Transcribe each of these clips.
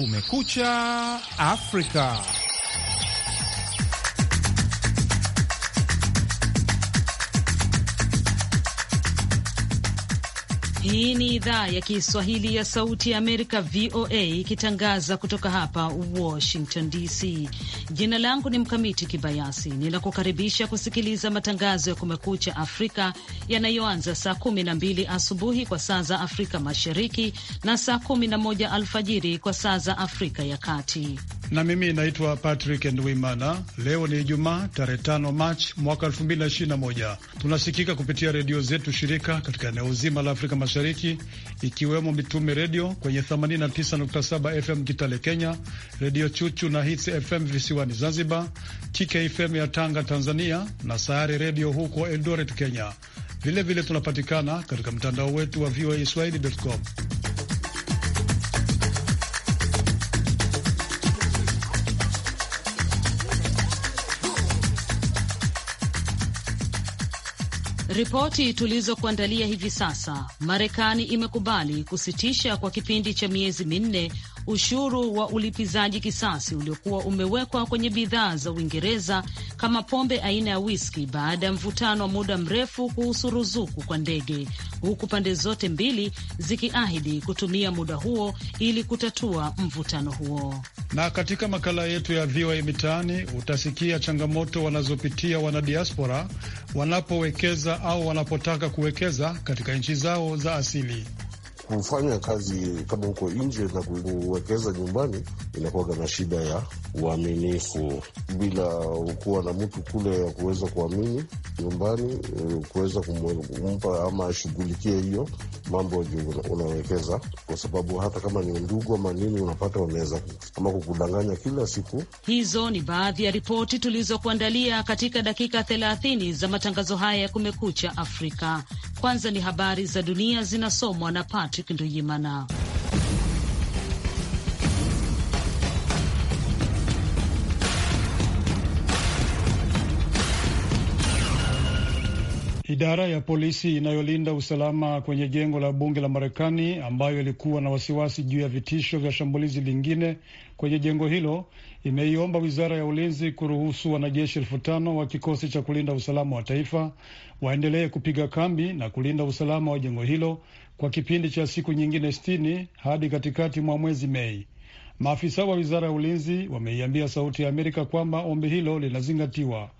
Kumekucha Afrika. Hii ni idhaa ya Kiswahili ya Sauti ya Amerika, VOA, ikitangaza kutoka hapa Washington DC. Jina langu ni Mkamiti Kibayasi, ninakukaribisha kusikiliza matangazo ya Kumekucha Afrika yanayoanza saa 12 asubuhi kwa saa za Afrika Mashariki na saa 11 alfajiri kwa saa za Afrika ya Kati. Na mimi naitwa Patrick Ndwimana. Leo ni Ijumaa, tarehe 5 Machi mwaka 2021. Tunasikika kupitia redio zetu shirika katika eneo zima la Afrika Mashariki, ikiwemo Mitume Redio kwenye 89.7 FM Kitale Kenya, Redio Chuchu na Hits FM visiwani Zanzibar, TKFM ya Tanga Tanzania, na Sayari Redio huko Eldoret Kenya. Vilevile vile tunapatikana katika mtandao wetu wa VOA swahili.com. Ripoti tulizokuandalia hivi sasa, Marekani imekubali kusitisha kwa kipindi cha miezi minne ushuru wa ulipizaji kisasi uliokuwa umewekwa kwenye bidhaa za Uingereza kama pombe aina ya wiski baada ya mvutano wa muda mrefu kuhusu ruzuku kwa ndege huku pande zote mbili zikiahidi kutumia muda huo ili kutatua mvutano huo. Na katika makala yetu ya VOA Mitaani utasikia changamoto wanazopitia wanadiaspora wanapowekeza au wanapotaka kuwekeza katika nchi zao za asili kufanya kazi kama huko nje na kuwekeza nyumbani inakuwaga na shida ya uaminifu. Bila kuwa na mtu kule ya kuweza kuamini nyumbani, eh, kuweza kumpa ama ashughulikie hiyo mambo unawekeza, kwa sababu hata kama ni ndugu ama nini, unapata wanaweza ama kukudanganya kila siku. Hizo ni baadhi ya ripoti tulizokuandalia katika dakika thelathini za matangazo haya ya Kumekucha Afrika. Kwanza ni habari za dunia zinasomwa na Pati Patrick Nduyimana. Idara ya polisi inayolinda usalama kwenye jengo la bunge la Marekani, ambayo ilikuwa na wasiwasi juu ya vitisho vya shambulizi lingine kwenye jengo hilo, imeiomba wizara ya ulinzi kuruhusu wanajeshi elfu tano wa kikosi cha kulinda usalama wa taifa waendelee kupiga kambi na kulinda usalama wa jengo hilo kwa kipindi cha siku nyingine sitini hadi katikati mwa mwezi Mei. Maafisa wa wizara ya ulinzi wameiambia Sauti ya Amerika kwamba ombi hilo linazingatiwa.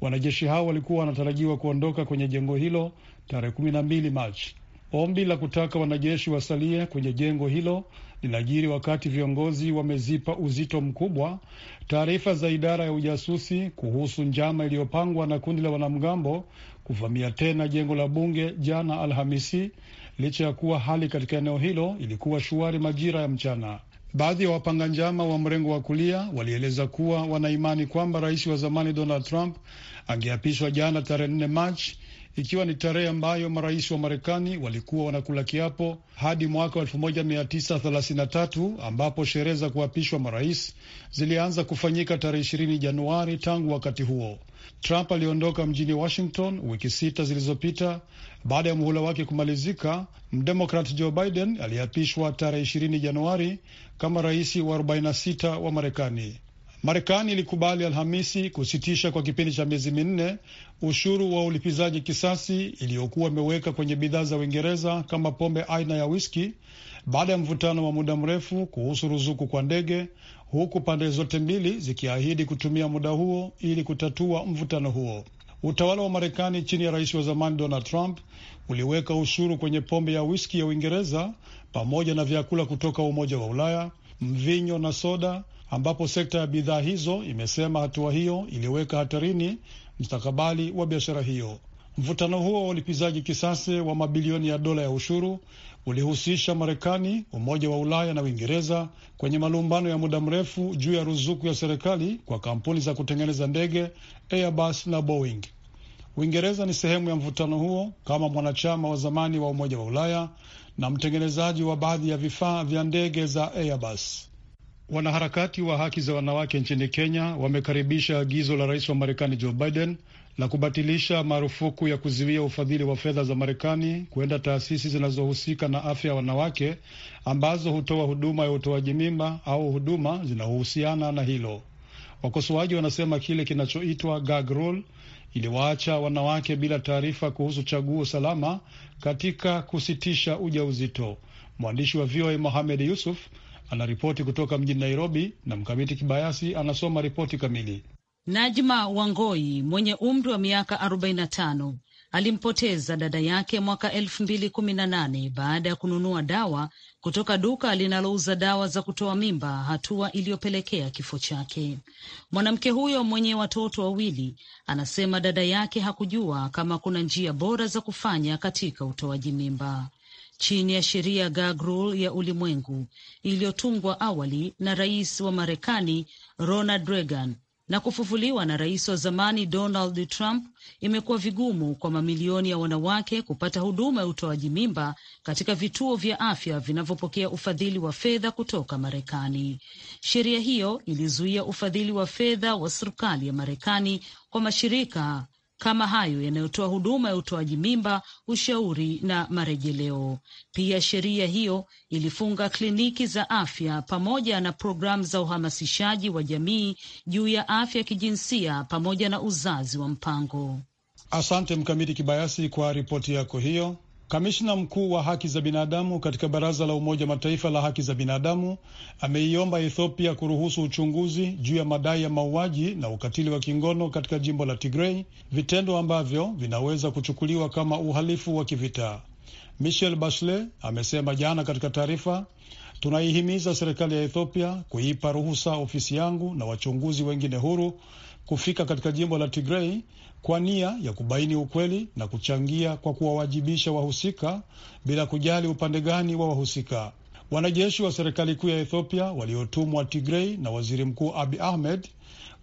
Wanajeshi hao walikuwa wanatarajiwa kuondoka kwenye jengo hilo tarehe kumi na mbili Machi. Ombi la kutaka wanajeshi wasalie kwenye jengo hilo linajiri wakati viongozi wamezipa uzito mkubwa taarifa za idara ya ujasusi kuhusu njama iliyopangwa na kundi la wanamgambo kuvamia tena jengo la bunge jana Alhamisi, licha ya kuwa hali katika eneo hilo ilikuwa shuari majira ya mchana. Baadhi ya wapanga njama wa mrengo wa kulia walieleza kuwa wanaimani kwamba rais wa zamani Donald Trump angeapishwa jana tarehe 4 Machi ikiwa ni tarehe ambayo marais wa Marekani walikuwa wanakula kiapo hadi mwaka 1933 ambapo sherehe za kuapishwa marais zilianza kufanyika tarehe 20 Januari. Tangu wakati huo, Trump aliondoka mjini Washington wiki sita zilizopita baada ya muhula wake kumalizika. Mdemokrat Joe Biden aliapishwa tarehe 20 Januari kama rais wa 46 wa Marekani. Marekani ilikubali Alhamisi kusitisha kwa kipindi cha miezi minne ushuru wa ulipizaji kisasi iliyokuwa imeweka kwenye bidhaa za Uingereza kama pombe aina ya wiski baada ya mvutano wa muda mrefu kuhusu ruzuku kwa ndege, huku pande zote mbili zikiahidi kutumia muda huo ili kutatua mvutano huo. Utawala wa Marekani chini ya rais wa zamani Donald Trump uliweka ushuru kwenye pombe ya wiski ya Uingereza pamoja na vyakula kutoka Umoja wa Ulaya, mvinyo na soda ambapo sekta ya bidhaa hizo imesema hatua hiyo iliweka hatarini mstakabali wa biashara hiyo. Mvutano huo wa ulipizaji kisasi wa mabilioni ya dola ya ushuru ulihusisha Marekani, Umoja wa Ulaya na Uingereza kwenye malumbano ya muda mrefu juu ya ruzuku ya serikali kwa kampuni za kutengeneza ndege Airbus na Boeing. Uingereza ni sehemu ya mvutano huo kama mwanachama wa zamani wa Umoja wa Ulaya na mtengenezaji wa baadhi ya vifaa vya ndege za Airbus. Wanaharakati wa haki za wanawake nchini Kenya wamekaribisha agizo la rais wa Marekani Joe Biden la kubatilisha marufuku ya kuzuia ufadhili wa fedha za Marekani kwenda taasisi zinazohusika na afya ya wanawake ambazo hutoa huduma ya utoaji mimba au huduma zinazohusiana na hilo. Wakosoaji wanasema kile kinachoitwa gag rule iliwaacha wanawake bila taarifa kuhusu chaguo salama katika kusitisha ujauzito. Mwandishi wa VOA Mohamed Yusuf anaripoti kutoka mjini Nairobi na Mkamiti Kibayasi anasoma ripoti kamili. Najma Wangoi mwenye umri wa miaka 45 alimpoteza dada yake mwaka elfu mbili kumi na nane baada ya kununua dawa kutoka duka linalouza dawa za kutoa mimba, hatua iliyopelekea kifo chake. Mwanamke huyo mwenye watoto wawili anasema dada yake hakujua kama kuna njia bora za kufanya katika utoaji mimba chini ya sheria gag rule ya ulimwengu iliyotungwa awali na rais wa Marekani Ronald Reagan na kufufuliwa na rais wa zamani Donald Trump, imekuwa vigumu kwa mamilioni ya wanawake kupata huduma ya utoaji mimba katika vituo vya afya vinavyopokea ufadhili wa fedha kutoka Marekani. Sheria hiyo ilizuia ufadhili wa fedha wa serikali ya Marekani kwa mashirika kama hayo yanayotoa huduma ya utoaji mimba, ushauri na marejeleo. Pia sheria hiyo ilifunga kliniki za afya pamoja na programu za uhamasishaji wa jamii juu ya afya ya kijinsia pamoja na uzazi wa mpango. Asante Mkamiti Kibayasi kwa ripoti yako hiyo. Kamishna mkuu wa haki za binadamu katika Baraza la Umoja Mataifa la haki za binadamu ameiomba Ethiopia kuruhusu uchunguzi juu ya madai ya mauaji na ukatili wa kingono katika jimbo la Tigrei, vitendo ambavyo vinaweza kuchukuliwa kama uhalifu wa kivita. michel Bachelet amesema jana katika taarifa, tunaihimiza serikali ya Ethiopia kuipa ruhusa ofisi yangu na wachunguzi wengine huru kufika katika jimbo la Tigrei kwa nia ya kubaini ukweli na kuchangia kwa kuwawajibisha wahusika bila kujali upande gani wa wahusika. Wanajeshi wa serikali kuu ya Ethiopia waliotumwa Tigrei na waziri mkuu Abi Ahmed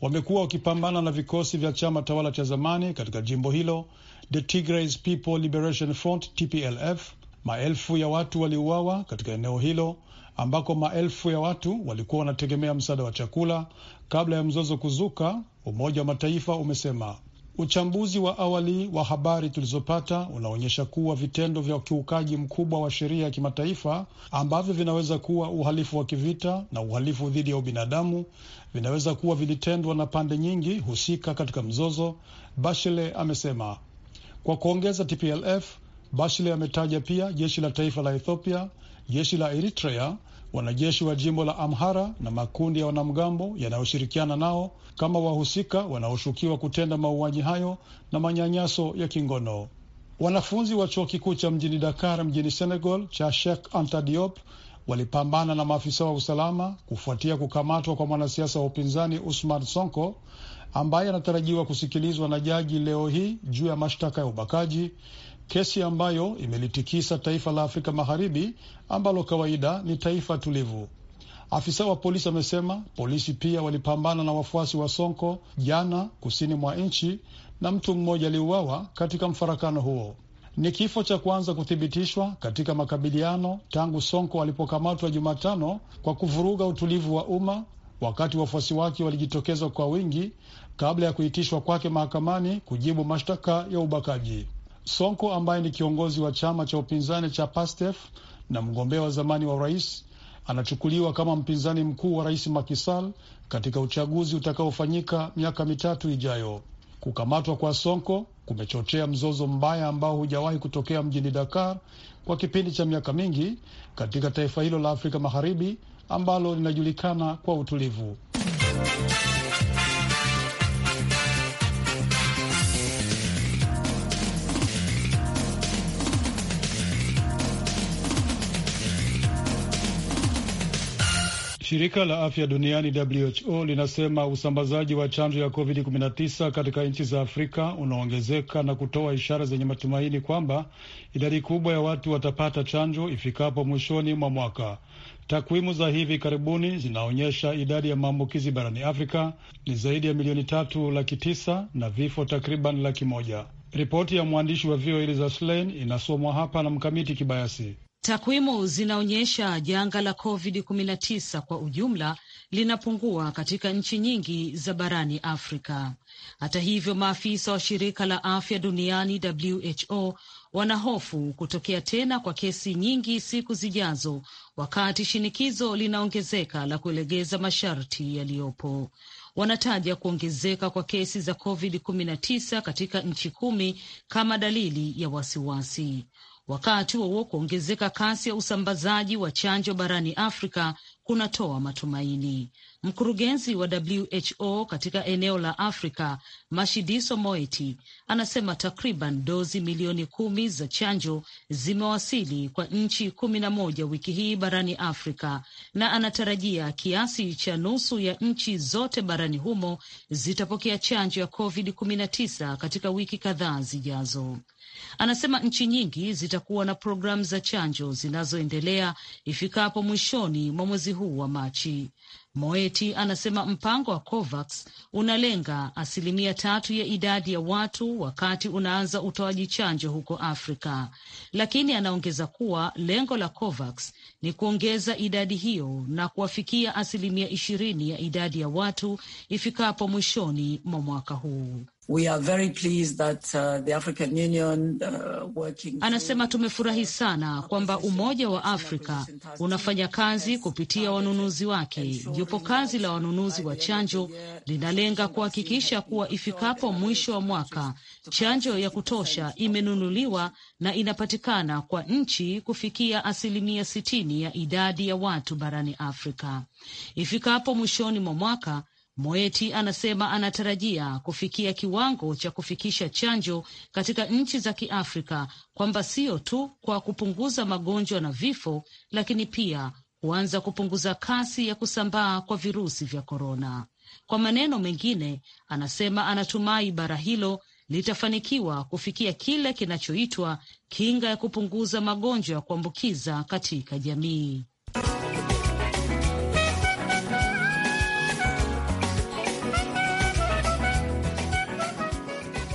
wamekuwa wakipambana na vikosi vya chama tawala cha zamani katika jimbo hilo, the Tigray People Liberation Front TPLF. Maelfu ya watu waliuawa katika eneo hilo ambako maelfu ya watu walikuwa wanategemea msaada wa chakula kabla ya mzozo kuzuka, Umoja wa Mataifa umesema. Uchambuzi wa awali wa habari tulizopata unaonyesha kuwa vitendo vya ukiukaji mkubwa wa sheria ya kimataifa ambavyo vinaweza kuwa uhalifu wa kivita na uhalifu dhidi ya ubinadamu vinaweza kuwa vilitendwa na pande nyingi husika katika mzozo, bashle amesema. Kwa kuongeza TPLF, Bashle ametaja pia jeshi la taifa la Ethiopia, jeshi la Eritrea wanajeshi wa jimbo la Amhara na makundi ya wanamgambo yanayoshirikiana nao kama wahusika wanaoshukiwa kutenda mauaji hayo na manyanyaso ya kingono. Wanafunzi wa chuo kikuu cha mjini Dakar mjini Senegal cha Sheikh Anta Diop walipambana na maafisa wa usalama kufuatia kukamatwa kwa mwanasiasa wa upinzani Usman Sonko ambaye anatarajiwa kusikilizwa na jaji leo hii juu ya mashtaka ya ubakaji kesi ambayo imelitikisa taifa la Afrika Magharibi ambalo kawaida ni taifa tulivu. Afisa wa polisi amesema polisi pia walipambana na wafuasi wa Sonko jana kusini mwa nchi na mtu mmoja aliuawa katika mfarakano huo. Ni kifo cha kwanza kuthibitishwa katika makabiliano tangu Sonko alipokamatwa Jumatano kwa kuvuruga utulivu wa umma wakati wafuasi wake walijitokeza kwa wingi kabla ya kuitishwa kwake mahakamani kujibu mashtaka ya ubakaji. Sonko ambaye ni kiongozi wa chama cha upinzani cha PASTEF na mgombea wa zamani wa urais anachukuliwa kama mpinzani mkuu wa rais Makisal katika uchaguzi utakaofanyika miaka mitatu ijayo. Kukamatwa kwa Sonko kumechochea mzozo mbaya ambao hujawahi kutokea mjini Dakar kwa kipindi cha miaka mingi katika taifa hilo la Afrika Magharibi ambalo linajulikana kwa utulivu Shirika la afya duniani WHO linasema usambazaji wa chanjo ya COVID-19 katika nchi za Afrika unaongezeka na kutoa ishara zenye matumaini kwamba idadi kubwa ya watu watapata chanjo ifikapo mwishoni mwa mwaka. Takwimu za hivi karibuni zinaonyesha idadi ya maambukizi barani Afrika ni zaidi ya milioni tatu laki tisa na vifo takriban laki moja. Ripoti ya mwandishi wa VOA Lisa Schlein inasomwa hapa na Mkamiti Kibayasi. Takwimu zinaonyesha janga la COVID-19 kwa ujumla linapungua katika nchi nyingi za barani Afrika. Hata hivyo, maafisa wa shirika la afya duniani WHO wanahofu kutokea tena kwa kesi nyingi siku zijazo, wakati shinikizo linaongezeka la kulegeza masharti yaliyopo. Wanataja kuongezeka kwa kesi za COVID-19 katika nchi kumi kama dalili ya wasiwasi wakati huo huo kuongezeka kasi ya usambazaji wa chanjo barani Afrika kunatoa matumaini. Mkurugenzi wa WHO katika eneo la Afrika, Mashidiso Moeti, anasema takriban dozi milioni kumi za chanjo zimewasili kwa nchi kumi na moja wiki hii barani Afrika, na anatarajia kiasi cha nusu ya nchi zote barani humo zitapokea chanjo ya COVID-19 katika wiki kadhaa zijazo. Anasema nchi nyingi zitakuwa na programu za chanjo zinazoendelea ifikapo mwishoni mwa mwezi huu wa Machi. Moeti anasema mpango wa COVAX unalenga asilimia tatu ya idadi ya watu wakati unaanza utoaji chanjo huko Afrika, lakini anaongeza kuwa lengo la COVAX ni kuongeza idadi hiyo na kuwafikia asilimia ishirini ya idadi ya watu ifikapo mwishoni mwa mwaka huu. Uh, uh, Anasema tumefurahi sana kwamba Umoja wa Afrika unafanya kazi kupitia wanunuzi wake. Jopo kazi la wanunuzi wa chanjo linalenga kuhakikisha kuwa ifikapo mwisho wa mwaka chanjo ya kutosha imenunuliwa na inapatikana kwa nchi kufikia asilimia sitini ya idadi ya watu barani Afrika ifikapo mwishoni mwa mwaka. Moeti anasema anatarajia kufikia kiwango cha kufikisha chanjo katika nchi za Kiafrika, kwamba sio tu kwa kupunguza magonjwa na vifo, lakini pia kuanza kupunguza kasi ya kusambaa kwa virusi vya korona. Kwa maneno mengine, anasema anatumai bara hilo litafanikiwa kufikia kile kinachoitwa kinga ya kupunguza magonjwa ya kuambukiza katika jamii.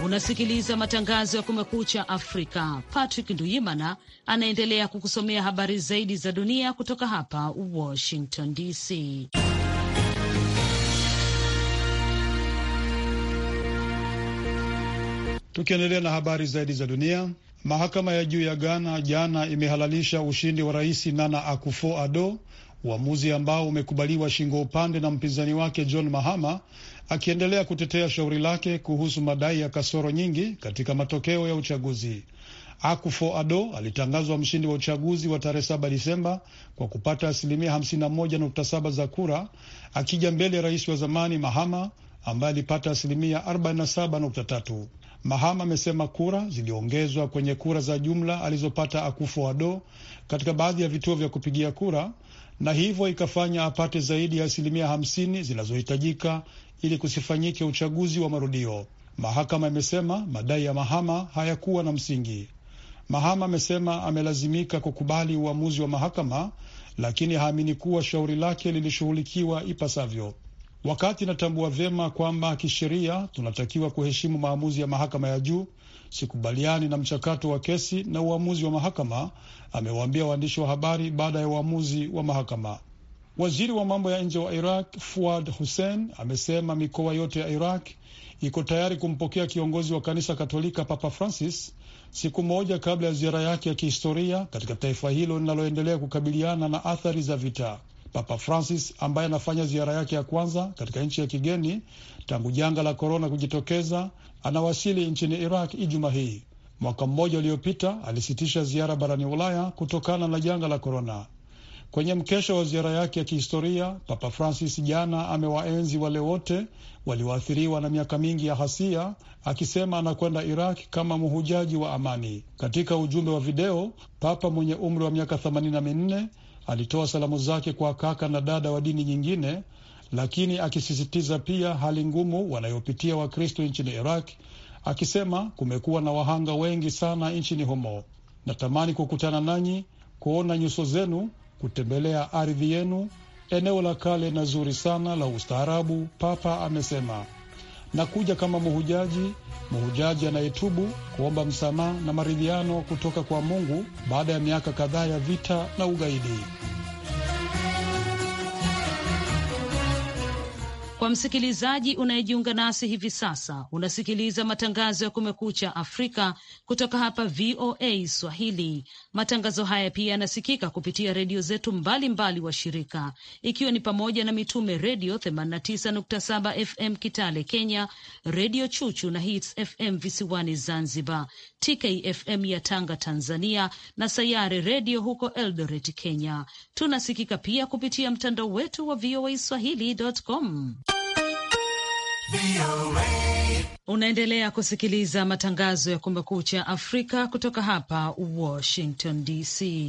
Unasikiliza matangazo ya Kumekucha Afrika. Patrick Nduyimana anaendelea kukusomea habari zaidi za dunia kutoka hapa Washington DC. Tukiendelea na habari zaidi za dunia, mahakama ya juu ya Ghana jana imehalalisha ushindi wa rais Nana akufo ado uamuzi ambao umekubaliwa shingo upande na mpinzani wake John Mahama akiendelea kutetea shauri lake kuhusu madai ya kasoro nyingi katika matokeo ya uchaguzi. Akufo Ado alitangazwa mshindi wa uchaguzi wa tarehe 7 Disemba kwa kupata asilimia 51.7 za kura, akija mbele rais wa zamani Mahama ambaye alipata asilimia 47.3. Mahama amesema kura ziliongezwa kwenye kura za jumla alizopata Akufo Ado katika baadhi ya vituo vya kupigia kura na hivyo ikafanya apate zaidi ya asilimia hamsini zinazohitajika ili kusifanyike uchaguzi wa marudio. Mahakama imesema madai ya Mahama hayakuwa na msingi. Mahama amesema amelazimika kukubali uamuzi wa mahakama, lakini haamini kuwa shauri lake lilishughulikiwa ipasavyo wakati natambua vyema kwamba kisheria tunatakiwa kuheshimu maamuzi ya mahakama ya juu. Sikubaliani na mchakato wa kesi na uamuzi wa mahakama, amewaambia waandishi wa habari baada ya uamuzi wa mahakama. Waziri wa mambo ya nje wa Iraq Fuad Hussein amesema mikoa yote ya Iraq iko tayari kumpokea kiongozi wa kanisa Katolika Papa Francis siku moja kabla ya ziara yake ya kihistoria katika taifa hilo linaloendelea kukabiliana na athari za vita. Papa Francis ambaye anafanya ziara yake ya kwanza katika nchi ya kigeni tangu janga la korona kujitokeza, anawasili nchini Iraq Ijumaa hii. Mwaka mmoja uliopita alisitisha ziara barani Ulaya kutokana na janga la korona. Kwenye mkesha wa ziara yake ya kihistoria, Papa Francis jana amewaenzi wale wote walioathiriwa na miaka mingi ya hasia, akisema anakwenda Iraq kama mhujaji wa amani. Katika ujumbe wa video, Papa mwenye umri wa miaka themanini na minne alitoa salamu zake kwa kaka na dada wa dini nyingine, lakini akisisitiza pia hali ngumu wanayopitia Wakristo nchini Iraq, akisema kumekuwa na wahanga wengi sana nchini humo. Natamani kukutana nanyi, kuona nyuso zenu, kutembelea ardhi yenu, eneo la kale na zuri sana la ustaarabu, Papa amesema nakuja kama muhujaji, muhujaji anayetubu kuomba msamaha na maridhiano kutoka kwa Mungu baada ya miaka kadhaa ya vita na ugaidi. Kwa msikilizaji unayejiunga nasi hivi sasa, unasikiliza matangazo ya Kumekucha Afrika kutoka hapa VOA Swahili. Matangazo haya pia yanasikika kupitia redio zetu mbalimbali wa shirika, ikiwa ni pamoja na Mitume Redio 89.7 FM Kitale Kenya, Redio Chuchu na Hits FM visiwani Zanzibar, TKFM ya Tanga Tanzania, na Sayare Redio huko Eldoret Kenya. Tunasikika pia kupitia mtandao wetu wa VOA Swahili.com. Unaendelea kusikiliza matangazo ya Kumekucha Afrika kutoka hapa Washington DC.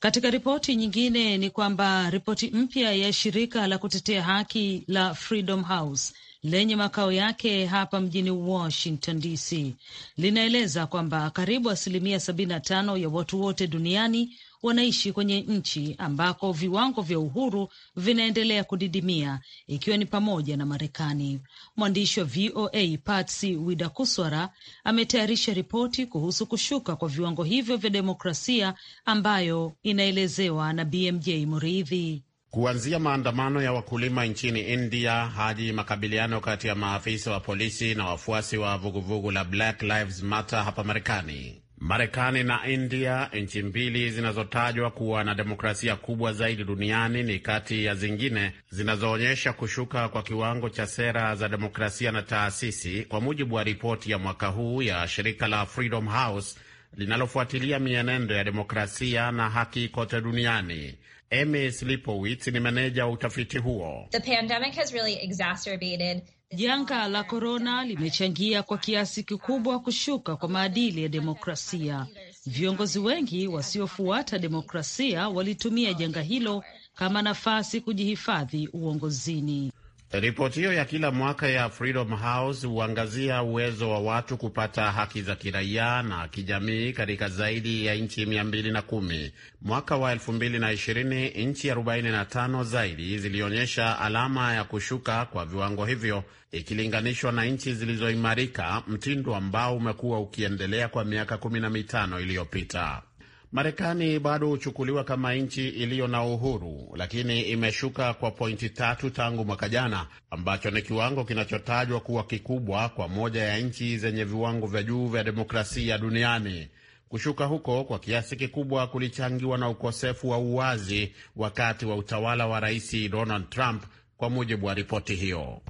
Katika ripoti nyingine ni kwamba ripoti mpya ya shirika la kutetea haki la Freedom House lenye makao yake hapa mjini Washington DC linaeleza kwamba karibu asilimia 75 ya watu wote duniani wanaishi kwenye nchi ambako viwango vya uhuru vinaendelea kudidimia ikiwa ni pamoja na Marekani. Mwandishi wa VOA wida Widakuswara ametayarisha ripoti kuhusu kushuka kwa viwango hivyo vya demokrasia ambayo inaelezewa na BMJ Muridhi. Kuanzia maandamano ya wakulima nchini India hadi makabiliano kati ya maafisa wa polisi na wafuasi wa vuguvugu la Black Lives Matter hapa Marekani, Marekani na India, nchi mbili zinazotajwa kuwa na demokrasia kubwa zaidi duniani, ni kati ya zingine zinazoonyesha kushuka kwa kiwango cha sera za demokrasia na taasisi, kwa mujibu wa ripoti ya mwaka huu ya shirika la Freedom House linalofuatilia mienendo ya demokrasia na haki kote duniani. Amy Slipowitz ni meneja wa utafiti huo. The pandemic has really exacerbated Janga la korona limechangia kwa kiasi kikubwa kushuka kwa maadili ya demokrasia. Viongozi wengi wasiofuata demokrasia walitumia janga hilo kama nafasi kujihifadhi uongozini. Ripoti hiyo ya kila mwaka ya Freedom House huangazia uwezo wa watu kupata haki za kiraia na kijamii katika zaidi ya nchi 210. Mwaka wa ishirini nchi 45 zaidi zilionyesha alama ya kushuka kwa viwango hivyo ikilinganishwa na nchi zilizoimarika, mtindo ambao umekuwa ukiendelea kwa miaka mitano iliyopita. Marekani bado huchukuliwa kama nchi iliyo na uhuru, lakini imeshuka kwa pointi tatu tangu mwaka jana, ambacho ni kiwango kinachotajwa kuwa kikubwa kwa moja ya nchi zenye viwango vya juu vya demokrasia duniani. Kushuka huko kwa kiasi kikubwa kulichangiwa na ukosefu wa uwazi wakati wa utawala wa Rais Donald Trump kwa mujibu wa ripoti hiyo.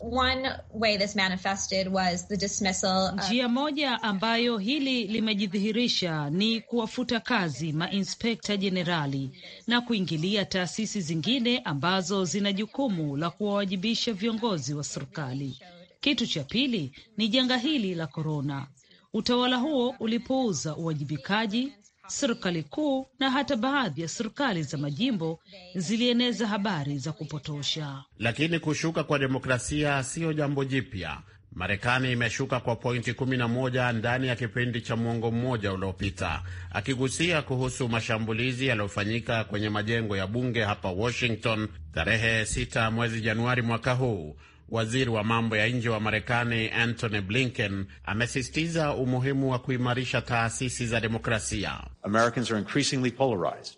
Njia moja ambayo hili limejidhihirisha ni kuwafuta kazi mainspekta jenerali na kuingilia taasisi zingine ambazo zina jukumu la kuwawajibisha viongozi wa serikali. Kitu cha pili ni janga hili la korona. Utawala huo ulipuuza uwajibikaji serikali kuu na hata baadhi ya serikali za majimbo zilieneza habari za kupotosha. Lakini kushuka kwa demokrasia siyo jambo jipya. Marekani imeshuka kwa pointi 11 ndani ya kipindi cha mwongo mmoja uliopita. Akigusia kuhusu mashambulizi yaliyofanyika kwenye majengo ya bunge hapa Washington tarehe 6 mwezi Januari mwaka huu, Waziri wa mambo ya nje wa Marekani Antony Blinken amesisitiza umuhimu wa kuimarisha taasisi za demokrasia.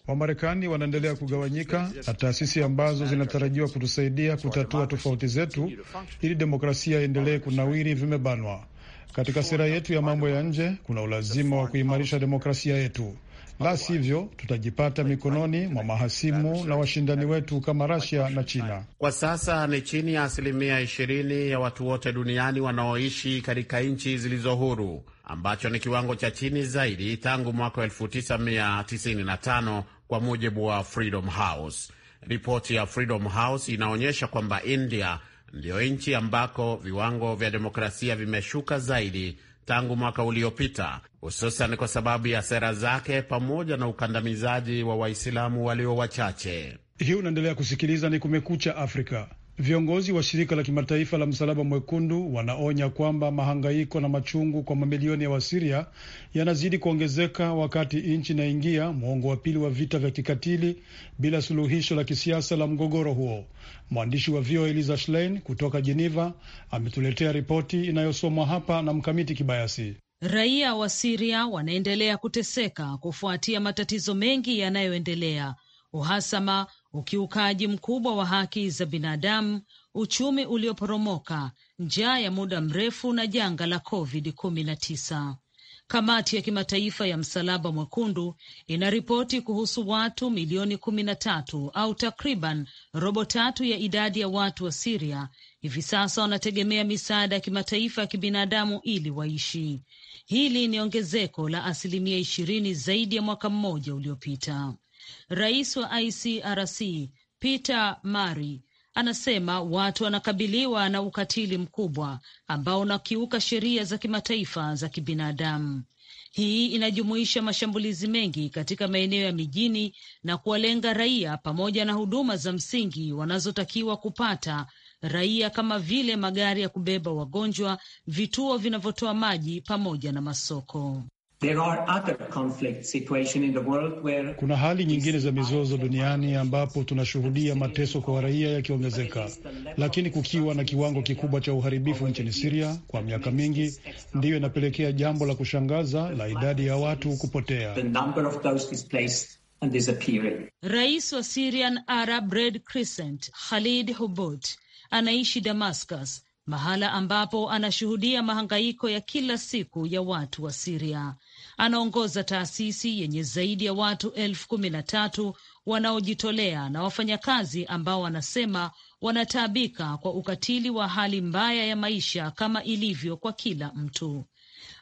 Wamarekani wanaendelea kugawanyika na taasisi ambazo zinatarajiwa kutusaidia kutatua tofauti zetu ili demokrasia iendelee kunawiri vimebanwa. Katika sera yetu ya mambo ya nje kuna ulazima wa kuimarisha demokrasia yetu la sivyo tutajipata mikononi mwa mahasimu na washindani wetu kama Rasia na China. Kwa sasa ni chini ya asilimia 20 ya watu wote duniani wanaoishi katika nchi zilizo huru, ambacho ni kiwango cha chini zaidi tangu mwaka 1995 kwa mujibu wa Freedom House. Ripoti ya Freedom House inaonyesha kwamba India ndiyo nchi ambako viwango vya demokrasia vimeshuka zaidi tangu mwaka uliopita, hususan kwa sababu ya sera zake pamoja na ukandamizaji wa Waislamu walio wachache. Hii unaendelea kusikiliza ni Kumekucha Afrika. Viongozi wa shirika la kimataifa la Msalaba Mwekundu wanaonya kwamba mahangaiko na machungu kwa mamilioni ya Wasiria yanazidi kuongezeka wakati nchi inaingia mwongo wa pili wa vita vya kikatili bila suluhisho la kisiasa la mgogoro huo. Mwandishi wa VOA Eliza Schlein kutoka Jeneva ametuletea ripoti inayosomwa hapa na Mkamiti Kibayasi. Raia wa Siria wanaendelea kuteseka kufuatia matatizo mengi yanayoendelea uhasama ukiukaji mkubwa wa haki za binadamu, uchumi ulioporomoka, njaa ya muda mrefu na janga la COVID-19. Kamati ya Kimataifa ya Msalaba Mwekundu inaripoti kuhusu watu milioni kumi na tatu au takriban robo tatu ya idadi ya watu wa Siria hivi sasa wanategemea misaada ya kimataifa ya kibinadamu ili waishi. Hili ni ongezeko la asilimia ishirini zaidi ya mwaka mmoja uliopita. Rais wa ICRC Peter Mari anasema watu wanakabiliwa na ukatili mkubwa ambao unakiuka sheria za kimataifa za kibinadamu. Hii inajumuisha mashambulizi mengi katika maeneo ya mijini na kuwalenga raia pamoja na huduma za msingi wanazotakiwa kupata raia kama vile magari ya kubeba wagonjwa, vituo vinavyotoa maji pamoja na masoko. Kuna hali nyingine za mizozo duniani ambapo tunashuhudia mateso kwa raia yakiongezeka, lakini kukiwa na kiwango kikubwa cha uharibifu nchini Siria kwa miaka mingi, ndiyo inapelekea jambo la kushangaza la idadi ya watu kupotea. Rais wa Syrian Arab Red Crescent Khalid Hobot anaishi Damascus mahala ambapo anashuhudia mahangaiko ya kila siku ya watu wa Siria. Anaongoza taasisi yenye zaidi ya watu elfu kumi na tatu wanaojitolea na wafanyakazi ambao wanasema wanataabika kwa ukatili wa hali mbaya ya maisha kama ilivyo kwa kila mtu.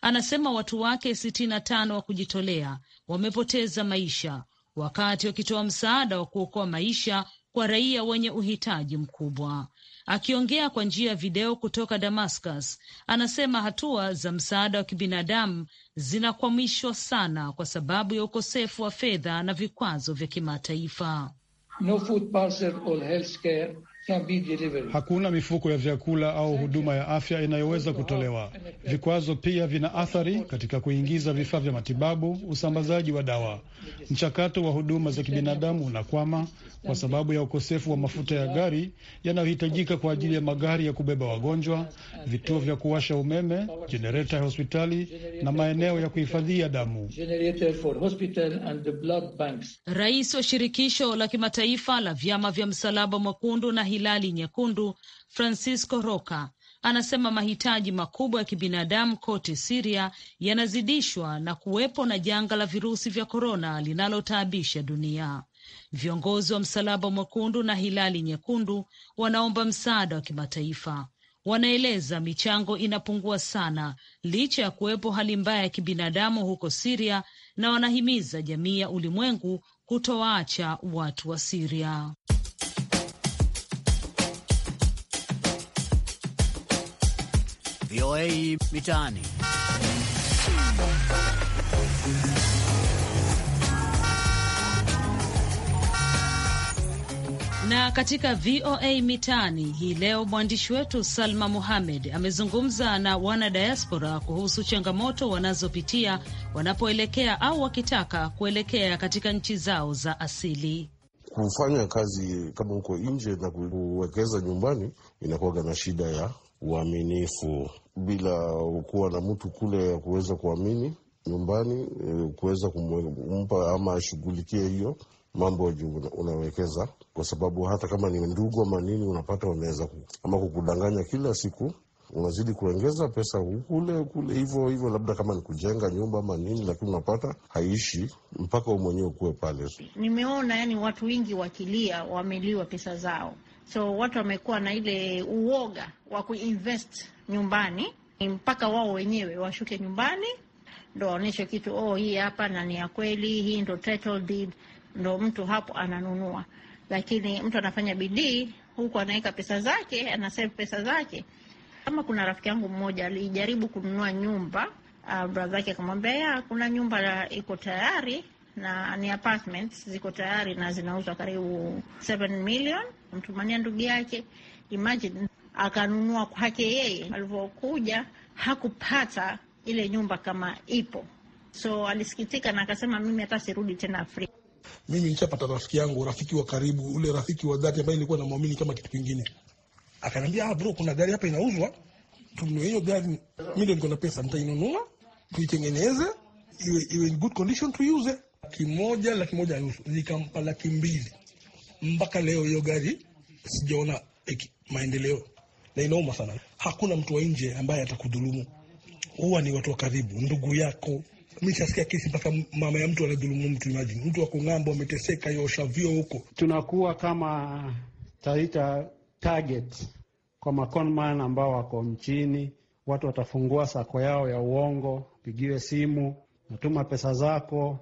Anasema watu wake sitini na tano wa kujitolea wamepoteza maisha wakati wakitoa msaada wa kuokoa maisha kwa raia wenye uhitaji mkubwa. Akiongea kwa njia ya video kutoka Damascus, anasema hatua za msaada wa kibinadamu zinakwamishwa sana kwa sababu ya ukosefu wa fedha na vikwazo vya kimataifa. No Hakuna mifuko ya vyakula au huduma ya afya inayoweza kutolewa. Vikwazo pia vina athari katika kuingiza vifaa vya matibabu, usambazaji wa dawa. Mchakato wa huduma za kibinadamu unakwama kwa sababu ya ukosefu wa mafuta ya gari yanayohitajika kwa ajili ya magari ya kubeba wagonjwa, vituo vya kuwasha umeme, jenereta ya hospitali na maeneo ya kuhifadhia damu. Rais wa shirikisho la kimataifa la vyama vya Msalaba Mwekundu na Hilali Nyekundu Francisco Roca anasema mahitaji makubwa ya kibinadamu kote Siria yanazidishwa na kuwepo na janga la virusi vya korona linalotaabisha dunia. Viongozi wa Msalaba Mwekundu na Hilali Nyekundu wanaomba msaada wa kimataifa. Wanaeleza michango inapungua sana licha ya kuwepo hali mbaya ya kibinadamu huko Siria, na wanahimiza jamii ya ulimwengu kutowaacha watu wa Siria. VOA Mitaani. Na katika VOA Mitaani hii leo mwandishi wetu Salma Muhamed amezungumza na wanadiaspora kuhusu changamoto wanazopitia wanapoelekea au wakitaka kuelekea katika nchi zao za asili. Kufanya kazi kama huko nje na kuwekeza nyumbani inakuwaga na shida ya uaminifu bila kuwa na mtu kule ya kuweza kuamini nyumbani, eh, kuweza kumpa ama ashughulikie hiyo mambo unawekeza, kwa sababu hata kama ni ndugu ama nini, unapata wameweza ama kukudanganya kila siku unazidi kuongeza pesa kule kule, hivyo hivyo, labda kama ni kujenga nyumba ama nini, lakini unapata haishi mpaka u mwenyewe ukuwe pale. Nimeona yani watu wengi wakilia wameliwa pesa zao, so watu wamekuwa na ile uoga wa kuinvest nyumbani mpaka wao wenyewe washuke nyumbani ndo waonyeshe kitu, oh, hii hapa na ni ya kweli, hii ndo title deed, ndo mtu hapo ananunua. Lakini mtu anafanya bidii huku, anaweka pesa zake, anasave pesa zake. Kama kuna rafiki yangu mmoja alijaribu kununua nyumba, uh, bradha yake akamwambia, ya kuna nyumba iko tayari na ni apartments ziko tayari na zinauzwa karibu 7 million. Mtumania ndugu yake, imagine akanunua kwake yeye, alivyokuja hakupata ile nyumba kama ipo, so alisikitika na akasema mimi hata sirudi tena Afrika. Mimi nishapata rafiki yangu, rafiki wa karibu, ule rafiki wa dhati ambaye nilikuwa namwamini kama kitu kingine, akaniambia ah, bro, kuna gari hapa inauzwa, tununue hiyo gari. Mimi ndio niko na pesa, nitainunua tuitengeneze iwe, iwe in good condition tuiuze laki moja laki moja nusu nikampa laki mbili. Mpaka leo hiyo gari sijaona maendeleo, na inauma sana. Hakuna mtu wa nje ambaye atakudhulumu, huwa ni watu wa karibu, ndugu yako. Mi shasikia kesi mpaka mama ya mtu anadhulumu mtu. Imajini mtu wakung'ambo ameteseka, yoshavyo huko. Tunakuwa kama taita target kwa maconman ambao wako mchini Watu watafungua sako yao ya uongo, pigiwe simu, natuma pesa zako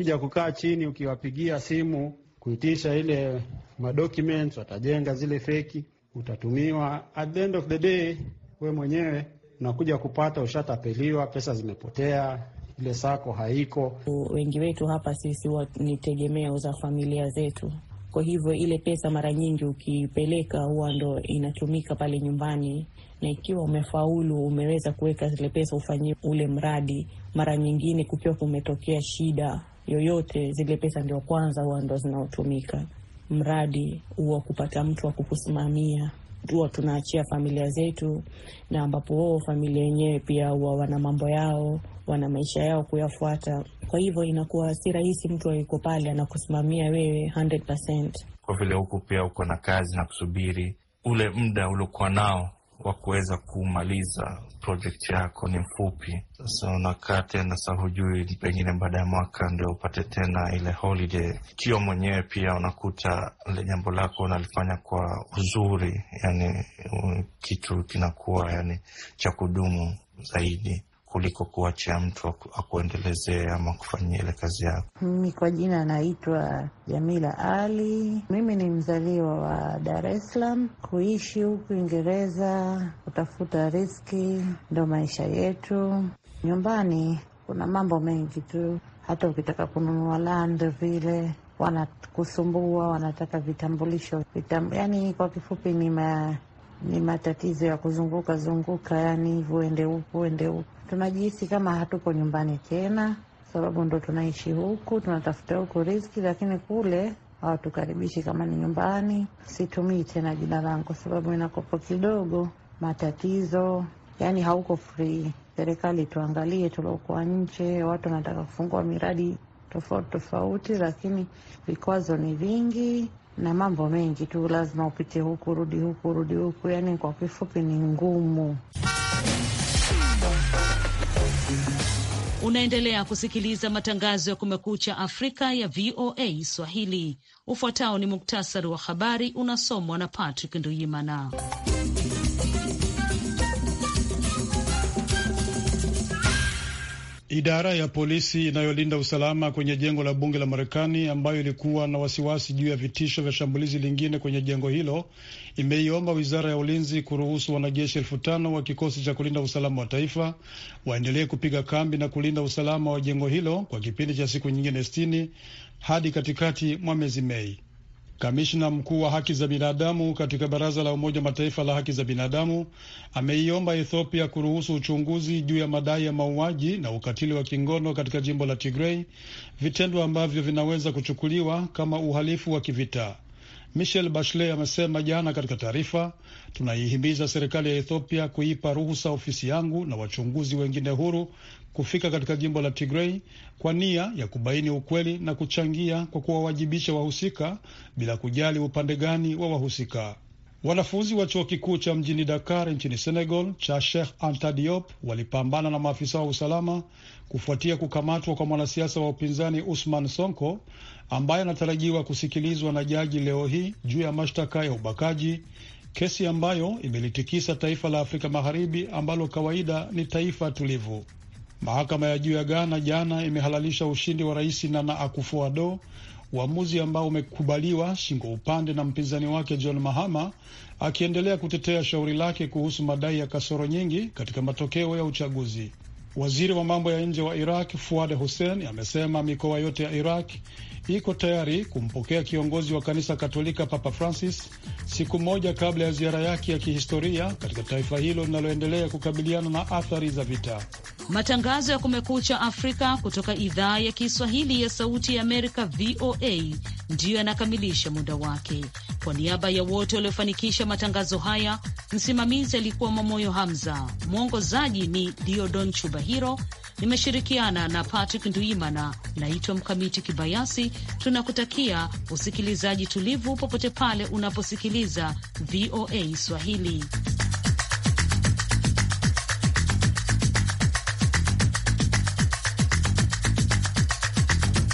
Ukija kukaa chini, ukiwapigia simu kuitisha ile madocument, watajenga zile feki, utatumiwa. At the end of the day, we mwenyewe unakuja kupata, ushatapeliwa, pesa zimepotea, ile sako haiko. Wengi wetu hapa sisi ni tegemeo za familia zetu kwa hivyo ile pesa mara nyingi ukipeleka huwa ndo inatumika pale nyumbani, na ikiwa umefaulu umeweza kuweka zile pesa ufanyie ule mradi, mara nyingine kukiwa kumetokea shida yoyote, zile pesa ndio kwanza huwa ndo zinaotumika, mradi huwa kupata mtu wa kukusimamia huwa tunaachia familia zetu, na ambapo wao familia yenyewe pia huwa wana mambo yao, wana maisha yao kuyafuata. Kwa hivyo inakuwa si rahisi mtu aiko pale anakusimamia wewe 100%. Kwa vile huku pia uko na kazi na kusubiri ule muda uliokuwa nao wa kuweza kumaliza projekt yako ni mfupi. Sasa unakaa tena sa, hujui pengine baada ya mwaka ndio upate tena ile holiday. Kio mwenyewe pia unakuta ile jambo lako unalifanya kwa uzuri, yani kitu kinakuwa yani cha kudumu zaidi kuliko kuachia mtu akuendelezee ama kufanyia ile kazi yako. Mimi kwa jina naitwa Jamila Ali. Mimi ni mzaliwa wa Dar es Salaam, kuishi huku Uingereza, kutafuta riski, ndo maisha yetu. Nyumbani kuna mambo mengi tu, hata ukitaka kununua land vile wanakusumbua, wanataka vitambulisho vitamb... yani kwa kifupi ni ma ni matatizo ya kuzunguka zunguka, yani hivyo, huku ende huku. Tunajihisi kama hatupo nyumbani tena, sababu ndo tunaishi huku, tunatafuta huku riski, lakini kule hawatukaribishi kama ni nyumbani. Situmii tena jina langu sababu inakopo kidogo matatizo, yani hauko free. Serikali tuangalie, tuliokuwa nje, watu wanataka kufungua miradi tofauti tofauti, lakini vikwazo ni vingi na mambo mengi tu, lazima upite huku rudi huku rudi huku, yani kwa kifupi ni ngumu. Unaendelea kusikiliza matangazo ya Kumekucha Afrika ya VOA Swahili. Ufuatao ni muktasari wa habari unasomwa na Patrick Nduyimana. Idara ya polisi inayolinda usalama kwenye jengo la bunge la Marekani, ambayo ilikuwa na wasiwasi juu ya vitisho vya shambulizi lingine kwenye jengo hilo, imeiomba wizara ya ulinzi kuruhusu wanajeshi elfu tano wa kikosi cha kulinda usalama wa taifa waendelee kupiga kambi na kulinda usalama wa jengo hilo kwa kipindi cha siku nyingine sitini hadi katikati mwa mwezi Mei. Kamishna mkuu wa haki za binadamu katika baraza la Umoja Mataifa la haki za binadamu ameiomba Ethiopia kuruhusu uchunguzi juu ya madai ya mauaji na ukatili wa kingono katika jimbo la Tigrei, vitendo ambavyo vinaweza kuchukuliwa kama uhalifu wa kivita. Michelle Bachelet amesema jana katika taarifa, tunaihimiza serikali ya Ethiopia kuipa ruhusa ofisi yangu na wachunguzi wengine huru kufika katika jimbo la Tigrei kwa nia ya kubaini ukweli na kuchangia kwa kuwawajibisha wahusika bila kujali upande gani wa wahusika. Wanafunzi wa chuo kikuu cha mjini Dakar nchini Senegal cha Sheikh Anta Diop walipambana na maafisa wa usalama kufuatia kukamatwa kwa mwanasiasa wa upinzani Usman Sonko ambaye anatarajiwa kusikilizwa na jaji leo hii juu ya mashtaka ya ubakaji, kesi ambayo imelitikisa taifa la Afrika Magharibi ambalo kawaida ni taifa tulivu. Mahakama ya juu ya Ghana jana imehalalisha ushindi wa Rais Nana Akufo-Addo, uamuzi ambao umekubaliwa shingo upande na mpinzani wake John Mahama akiendelea kutetea shauri lake kuhusu madai ya kasoro nyingi katika matokeo ya uchaguzi. Waziri wa mambo ya nje wa Iraq Fuad Hussein amesema mikoa yote ya Iraq iko tayari kumpokea kiongozi wa kanisa Katolika Papa Francis siku moja kabla ya ziara yake ya kihistoria katika taifa hilo linaloendelea kukabiliana na athari za vita. Matangazo ya Kumekucha Afrika kutoka idhaa ya Kiswahili ya Sauti ya Amerika, VOA, ndiyo yanakamilisha muda wake. Kwa niaba ya wote waliofanikisha matangazo haya, msimamizi alikuwa Mamoyo Hamza, mwongozaji ni Diodon Chubahiro nimeshirikiana na Patrick Nduimana. Naitwa Mkamiti Kibayasi. Tunakutakia usikilizaji tulivu popote pale unaposikiliza VOA Swahili.